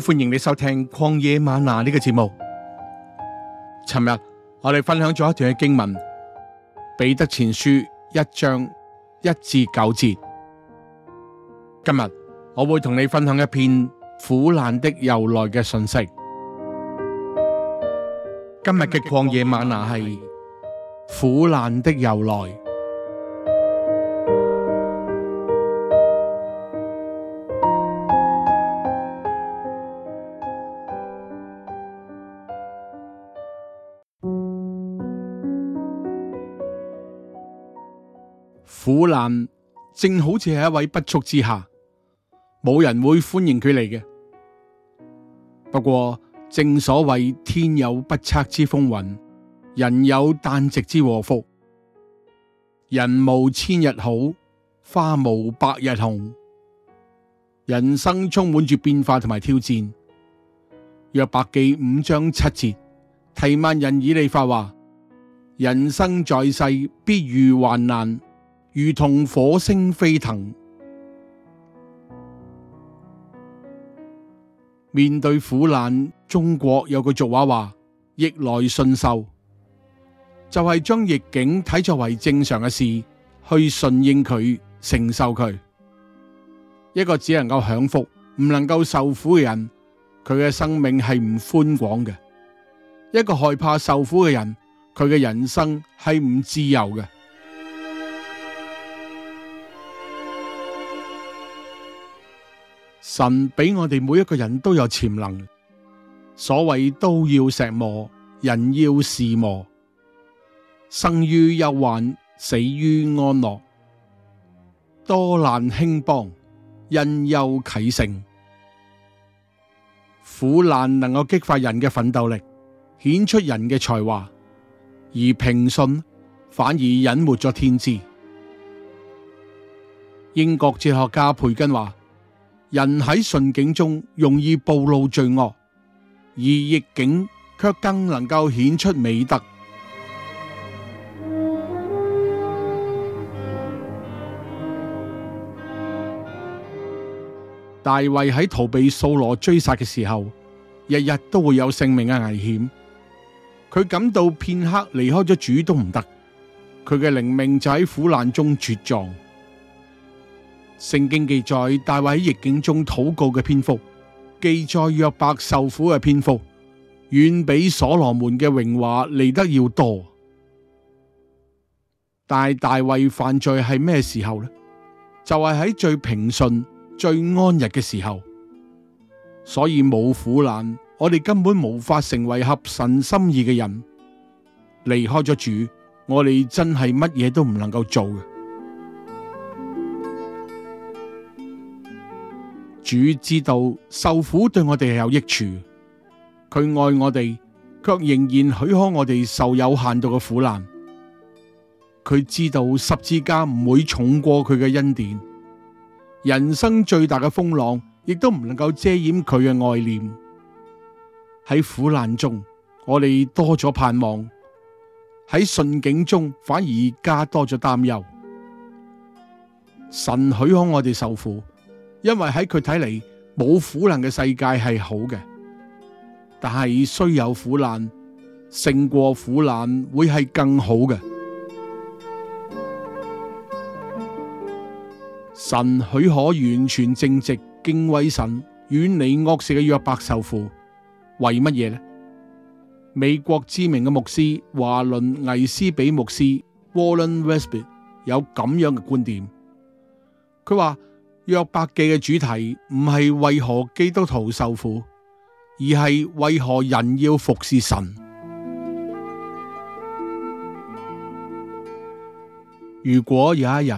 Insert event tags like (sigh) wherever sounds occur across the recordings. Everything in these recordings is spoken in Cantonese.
歡迎你收聽曠野嗎哪呢個節目。尋日我哋分享咗一段嘅經文《彼得前書》一章一至九節。今日我會同你分享一篇苦難的由來嘅信息。今日嘅曠野嗎哪係苦難的由來。的苦難正好似係一位不速之客，冇人會歡迎佢嚟嘅。不過正所謂天有不測之風雲，人有旦夕之禍福。人無千日好，花無百日紅。人生充滿住變化同埋挑戰。約伯記五章七節，提幔人以利法話，人生在世必遇患難。如同火星飛騰，面對苦難，中國有句俗話話：逆來順受，就係將逆境睇作為正常嘅事，去順應佢，承受佢。一個只能夠享福，唔能夠受苦嘅人，佢嘅生命係唔寬廣嘅；一個害怕受苦嘅人，佢嘅人生係唔自由嘅。神俾我哋每一個人都有潛能。所謂都要石磨，人要事磨。生於憂患，死於安樂。多難興邦，因憂啟勝。苦難能夠激發人嘅奮鬥力，顯出人嘅才華，而平順反而隱沒咗天資。英國哲學家培根話。人喺順境中容易暴露罪惡，而逆境卻更能夠顯出美德。 (music) 大衛喺逃避掃羅追殺嘅時候，日日都會有性命嘅危險。佢感到片刻離開咗主都唔得，佢嘅靈命就喺苦難中茁壯。聖經記載大衛喺逆境中禱告嘅篇幅，記載約伯受苦嘅篇幅，遠比所羅門嘅榮華嚟得要多。但係大衛犯罪係咩時候呢？就係喺最平順、最安逸嘅時候。所以冇苦難，我哋根本無法成為合神心意嘅人。離開咗主，我哋真係乜嘢都唔能夠做嘅。主知道受苦對我哋係有益處，佢愛我哋，卻仍然許可我哋受有限度嘅苦難。佢知道十字架唔會重過佢嘅恩典，人生最大嘅風浪，亦都唔能夠遮掩佢嘅愛念。喺苦難中，我哋多咗盼望；喺順境中，反而加多咗擔憂。神許可我哋受苦。因為喺佢睇嚟，冇苦難嘅世界係好嘅，但係雖有苦難勝過苦難會係更好嘅。神許可完全正直敬畏神、遠離惡事嘅約伯受苦，為乜嘢呢？美國知名嘅牧師華倫·魏斯比牧師 Warren Wiersbe 有咁樣嘅觀點，佢話。約伯記嘅主題唔係為何基督徒受苦，而係為何人要服侍神。如果有一日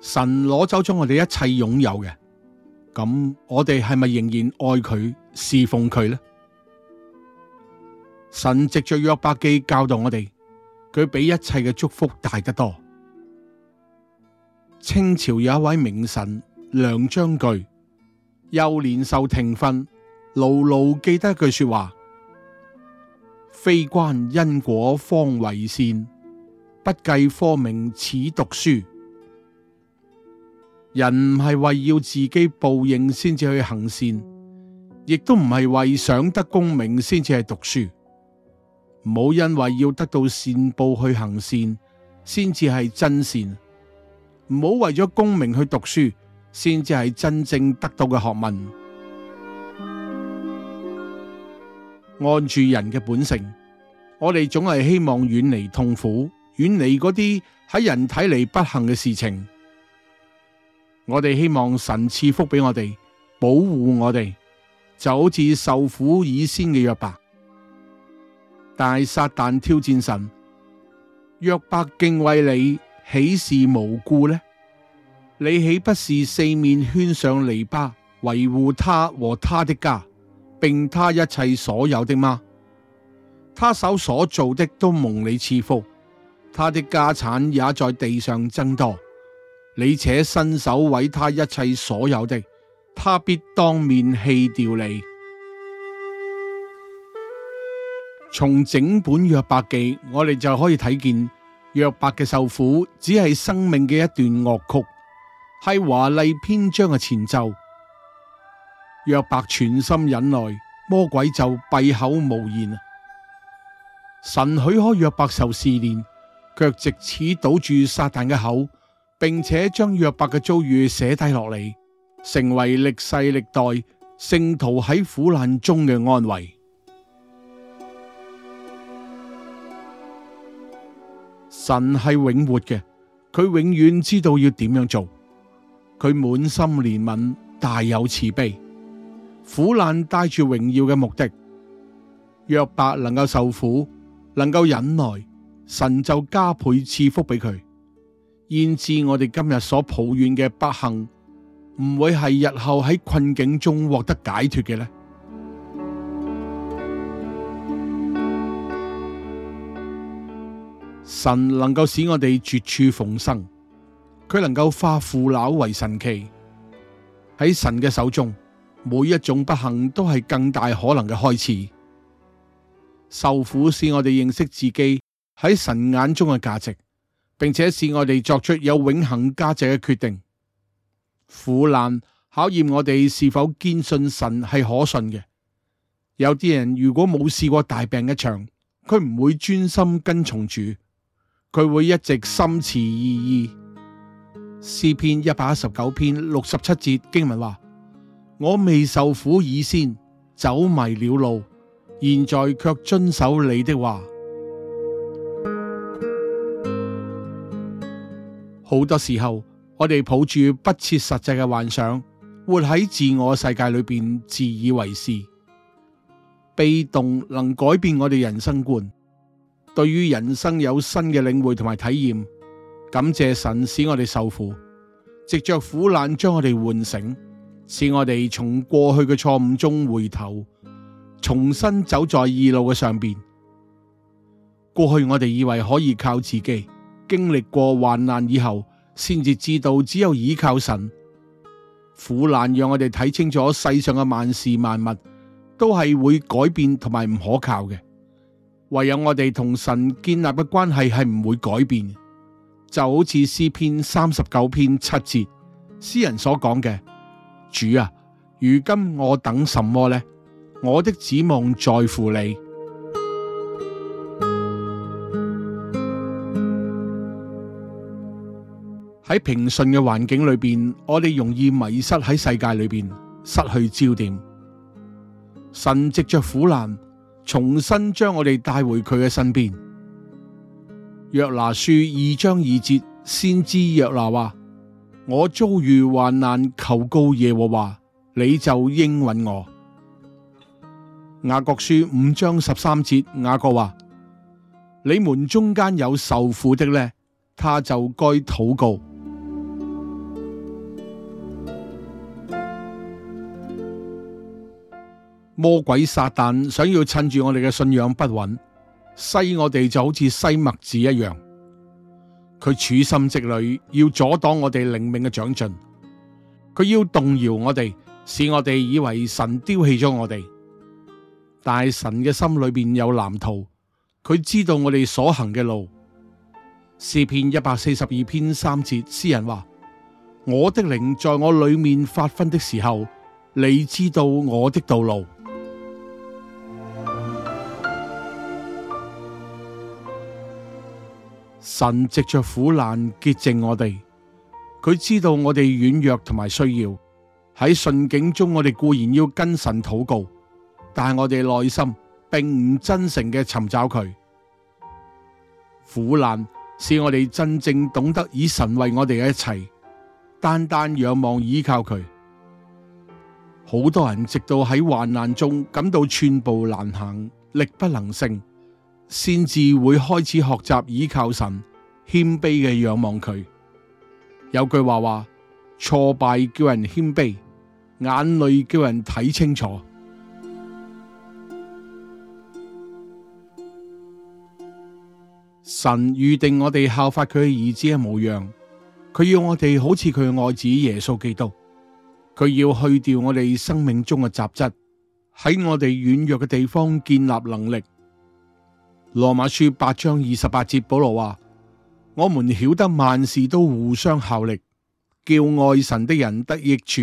神攞走咗我哋一切擁有嘅，咁我哋係咪仍然愛佢侍奉佢呢？神藉着約伯記教導我哋，佢比一切嘅祝福大得多。清朝有一位名臣，梁章鉅，幼年受庭訓，牢牢記得一句說話：非關因果方為善，不計科名始讀書。人唔係為要自己報應先至去行善，亦都唔係為想得功名先至係讀書。唔好因為要得到善報去行善，先至係真善。唔好為咗功名去讀書。先至係真正得到嘅學問。按住人嘅本性，我哋總係希望遠離痛苦，遠離嗰啲喺人睇嚟，不幸嘅事情。我哋希望神賜福俾我哋，保護我哋，就好似受苦以先嘅約伯。但撒旦挑戰神，約伯敬畏你，豈是無故呢？你豈不是四面圈上籬笆，維護他和他的家，並他一切所有的嗎？他手所做的都蒙你賜福，他的家產也在地上增多。你且伸手毀他一切所有的，他必當面棄掉你。從整本約伯記，我哋就可以睇見約伯嘅受苦，只係生命嘅一段樂曲。係華麗篇章嘅前奏，約伯全心忍耐，魔鬼就閉口無言。神許可約伯受試煉，卻藉此堵住撒旦嘅口，並且將約伯嘅遭遇寫低落嚟，成為歷世歷代聖徒喺苦難中嘅安慰。神係永活嘅，佢永遠知道要點樣做。佢滿心憐憫，大有慈悲，苦難帶住榮耀嘅目的。約伯能夠受苦，能夠忍耐，神就加倍賜福俾佢。焉知我哋今日所抱怨嘅不幸，唔會係日後喺困境中獲得解脱嘅呢？神能夠使我哋絕處逢生。佢能夠化腐朽為神奇。喺神嘅手中，每一種不幸都係更大可能嘅開始。受苦使我哋認識自己喺神眼中嘅價值，並且使我哋作出有永恆價值嘅決定。苦難考驗我哋是否堅信神係可信嘅。有啲人如果冇試過大病一場，佢唔會專心跟從主，佢會一直心慈意義。詩篇一百一十九篇六十七節經文話：我未受苦以先走迷了路，現在卻遵守你的話。好多時候，我哋抱住不切實際嘅幻想，活喺自我世界裏邊，自以為是，被動能改變我哋人生觀，對於人生有新嘅領會同埋體驗。感謝神使我哋受苦，藉着苦難將我哋喚醒，使我哋從過去嘅錯誤中回頭，重新走在義路嘅上邊。過去我哋以為可以靠自己，經歷過患難以後，先至知道只有依靠神。苦難讓我哋睇清楚世上嘅萬事萬物都係會改變，同埋唔可靠嘅，唯有我哋同神建立嘅關係係唔會改變。就好似詩篇三十九篇七節，詩人所講嘅：主啊，如今我等什麼呢？我的指望在乎你。喺平順嘅環境裏邊，我哋容易迷失喺世界裏邊，失去焦點。神藉着苦難，重新將我哋帶回佢嘅身邊。約拿書二章二節，先知約拿話：我遭遇患難，求告耶和華，你就應允我。雅各書五章十三節，雅各話：你們中間有受苦的呢，他就該禱告。魔鬼撒旦想要趁住我哋嘅信仰不穩。西我哋就好似西麥子一樣，佢處心積慮要阻擋我哋靈命嘅長進，佢要動搖我哋，使我哋以為神丟棄咗我哋。但是神嘅心裏面有藍圖，佢知道我哋所行嘅路。詩篇一百四十二篇三節，詩人話：我的靈在我裏面發昏的時候，你知道我的道路。神藉着苦難潔淨我哋，佢知道我哋軟弱同埋需要。喺順境中，我哋固然要跟神禱告，但係我哋內心並唔真誠嘅尋找佢。苦難使我哋真正懂得以神為我哋嘅一切，單單仰望依靠佢。好多人直到喺患難中感到寸步難行，力不能勝。先至會開始學習倚靠神，謙卑嘅仰望佢。有句話話：挫敗叫人謙卑，眼淚叫人睇清楚。神預定我哋效法佢嘅兒子嘅模樣，佢要我哋好似佢嘅愛子耶穌基督，佢要去掉我哋生命中嘅雜質，喺我哋軟弱嘅地方建立能力。羅馬書八章二十八節保羅話：我們曉得萬事都互相效力，叫愛神的人得益處，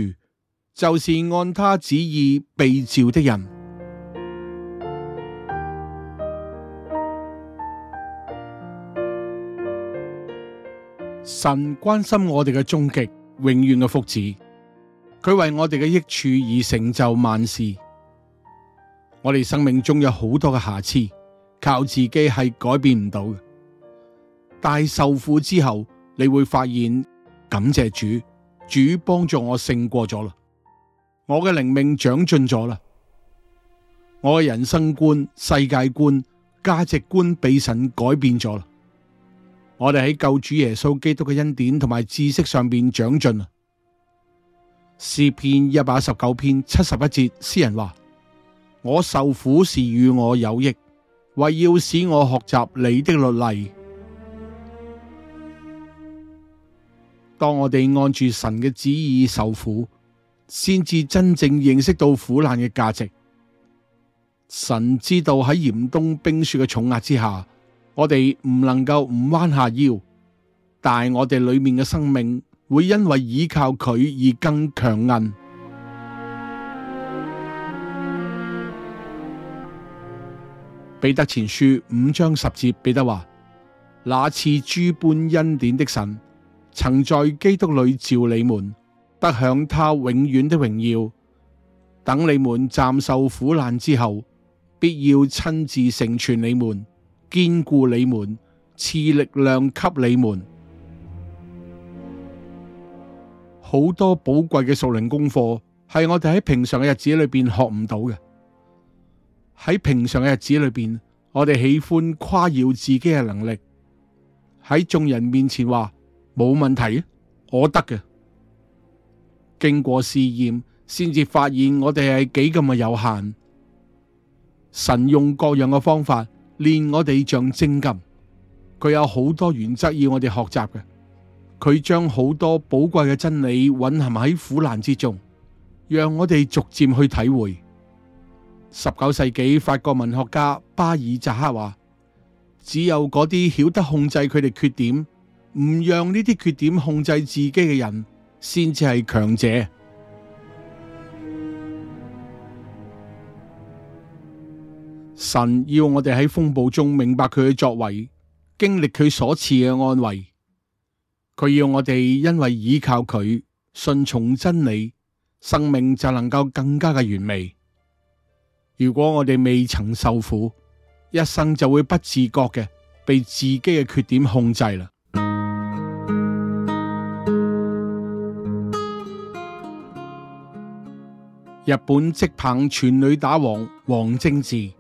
就是按他旨意被召的人。神關心我哋嘅終極，永遠嘅福祉，佢為我哋嘅益處而成就萬事。我哋生命中有好多嘅瑕疵。靠自己係改變唔到嘅，但係受苦之後，你會發現感謝主，主幫助我勝過咗啦，我嘅靈命長進咗啦，我嘅人生觀、世界觀、價值觀俾神改變咗啦，我哋喺救主耶穌基督嘅恩典同埋知識上邊長進啊，詩篇一百一十九篇七十一節，詩人話：我受苦是與我有益。為要使我學習你的律例，當我哋按住神嘅旨意受苦，先至真正認識到苦難嘅價值。神知道喺嚴冬冰雪嘅重壓之下，我哋唔能夠唔彎下腰，但係我哋裏面嘅生命會因為依靠佢而更強韌。彼得前書五章十節，彼得話：那賜諸般恩典的神，曾在基督裏召你們，得享他永遠的榮耀。等你們暫受苦難之後，必要親自成全你們，堅固你們，賜力量給你們。好多寶貴嘅屬靈功課，係我哋喺平常嘅日子裏面學唔到嘅。喺平常嘅日子裏邊，我哋喜歡誇耀自己嘅能力，喺眾人面前話冇問題，我得嘅。經過試驗，先至發現我哋係幾咁嘅有限。神用各樣嘅方法練我哋像精金，佢有好多原則要我哋學習嘅。佢將好多寶貴嘅真理蘊含喺苦難之中，讓我哋逐漸去體會。十九世紀法國文學家巴爾扎克話：只有嗰啲曉得控制佢哋缺點，唔讓呢啲缺點控制自己嘅人，先至係強者。神要我哋喺風暴中明白佢嘅作為，經歷佢所賜嘅安慰。佢要我哋因為依靠佢，順從真理，生命就能夠更加嘅完美。如果我哋未曾受苦，一生就會不自覺嘅被自己嘅缺點控制啦。日本職棒全壘打王王貞治，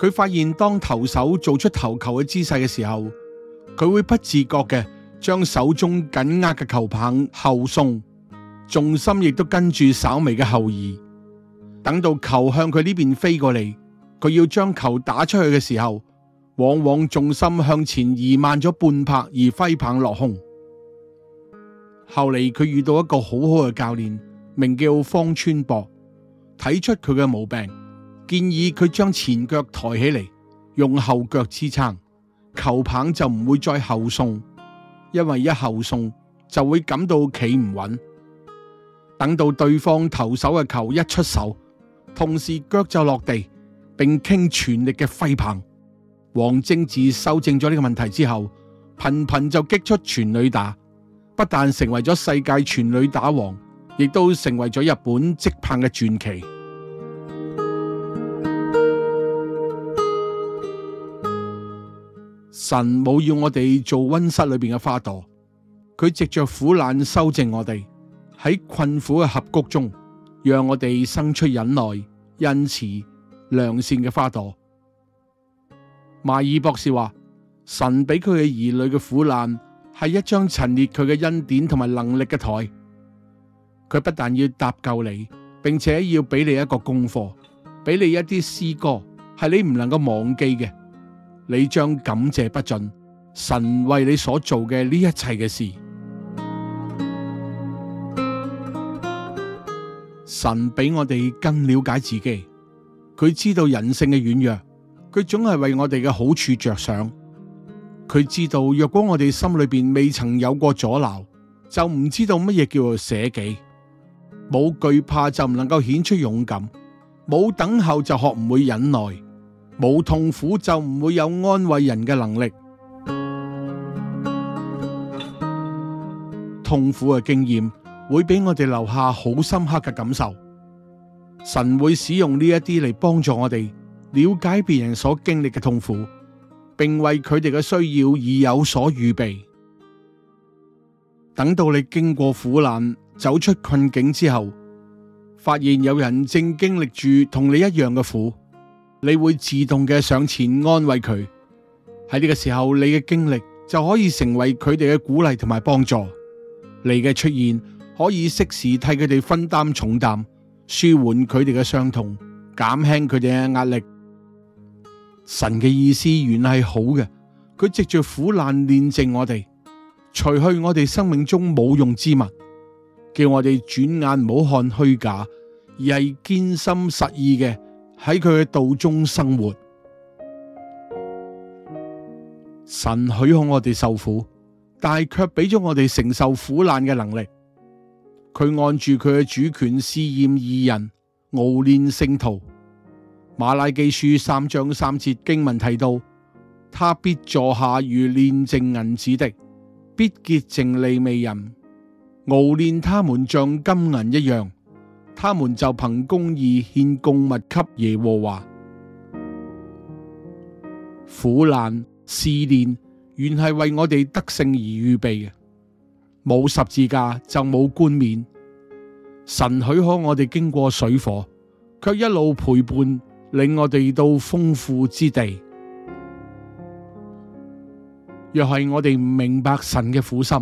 佢發現當投手做出投球嘅姿勢嘅時候，佢會不自覺嘅將手中緊握嘅球棒後送，重心亦都跟住稍微嘅後移。等到球向佢呢邊飛過嚟，佢要將球打出去嘅時候，往往重心向前移慢咗半拍而揮棒落空。後嚟佢遇到一個好好嘅教練，名叫方川博，睇出佢嘅毛病，建議佢將前腳抬起嚟，用後腳支撐，球棒就唔會再後送，因為一後送就會感到企唔穩。等到對方投手嘅球一出手，同時腳就落地，並傾全力嘅揮棒。王貞治修正咗呢個問題之後，頻頻就擊出全壘打，不但成為咗世界全壘打王，亦都成為咗日本即棒嘅傳奇。神冇要我哋做溫室裏邊嘅花朵，佢藉着苦難修正我哋，喺困苦嘅峽谷中。讓我哋生出忍耐、恩慈、良善嘅花朵。邁爾博士話：神俾佢嘅兒女嘅苦難係一張陳列佢嘅恩典同埋能力嘅台。佢不但要搭救你，並且要俾你一個功課，俾你一啲詩歌，係你唔能夠忘記嘅。你將感謝不盡，神為你所做嘅呢一切嘅事。神比我哋更了解自己，佢知道人性嘅軟弱，佢總係為我哋嘅好處着想。佢知道若果我哋心裏邊未曾有過阻撓，就唔知道乜嘢叫做捨己。冇懼怕就唔能夠顯出勇敢，冇等候就學唔會忍耐，冇痛苦就唔會有安慰人嘅能力。痛苦嘅經驗。會俾我哋留下好深刻嘅感受。神會使用呢一啲嚟幫助我哋了解別人所經歷嘅痛苦，並為佢哋嘅需要而有所預備。等到你經過苦難、走出困境之後，發現有人正經歷住同你一樣嘅苦，你會自動嘅上前安慰佢。喺呢個時候，你嘅經歷就可以成為佢哋嘅鼓勵同埋幫助。你嘅出現。可以適時替佢哋分擔重擔，舒緩佢哋嘅傷痛，減輕佢哋嘅壓力。神嘅意思原係好嘅，佢藉住苦難煉淨我哋，除去我哋生命中冇用之物，叫我哋轉眼唔好看虛假，而係堅心實意嘅喺佢嘅道中生活。神許可我哋受苦，但係卻俾咗我哋承受苦難嘅能力。佢按住佢嘅主權試驗義人熬煉聖徒。馬拉基書三章三節經文提到：他必坐下如煉淨銀子的，必潔淨利未人。熬煉他們像金銀一樣，他們就憑公義獻供物給耶和華。苦難試煉原係為我哋得勝而預備嘅。冇十字架就冇冠冕。神許可我哋經過水火，却一路陪伴，令我哋到豐富之地。若係我哋唔明白神嘅苦心，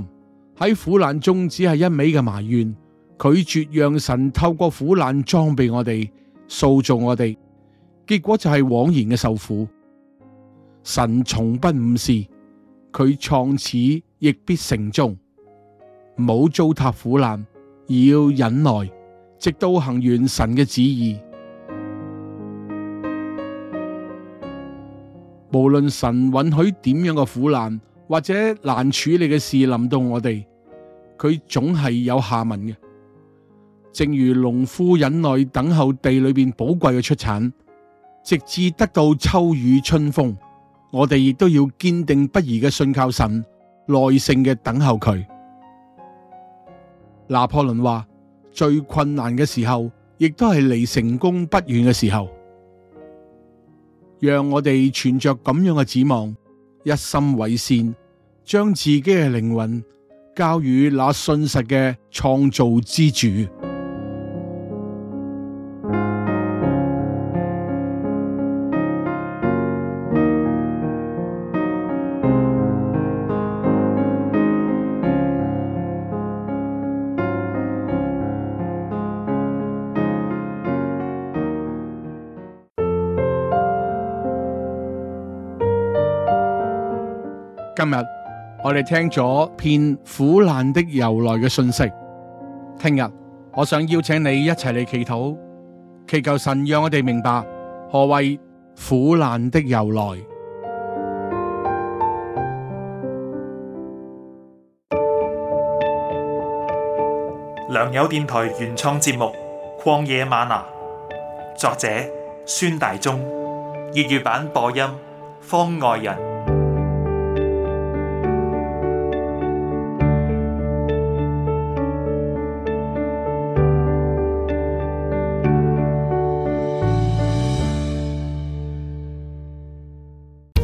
喺苦難中只係一味嘅埋怨，拒絕讓神透過苦難裝備我哋、塑造我哋，結果就係枉然嘅受苦。神從不誤事，佢創始亦必成終。冇糟蹋苦難，而要忍耐，直到行完神嘅旨意。無論神允許點樣嘅苦難或者難處理嘅事臨到我哋，佢總係有下文嘅。正如農夫忍耐等候地裏邊寶貴嘅出產，直至得到秋雨春風，我哋亦都要堅定不移嘅信靠神，耐性嘅等候佢。拿破崙話，最困難嘅時候，亦都係離成功不遠嘅時候。讓我哋存着咁樣嘅指望，一心為善，將自己嘅靈魂交予那信實嘅創造之主。我哋聽咗片苦難的由來嘅信息，聽日我想邀請你一齊嚟祈禱，祈求神讓我哋明白何謂苦難的由來。良友電台原創節目《曠野嗎哪》，作者孫大中，粵語版播音方外人。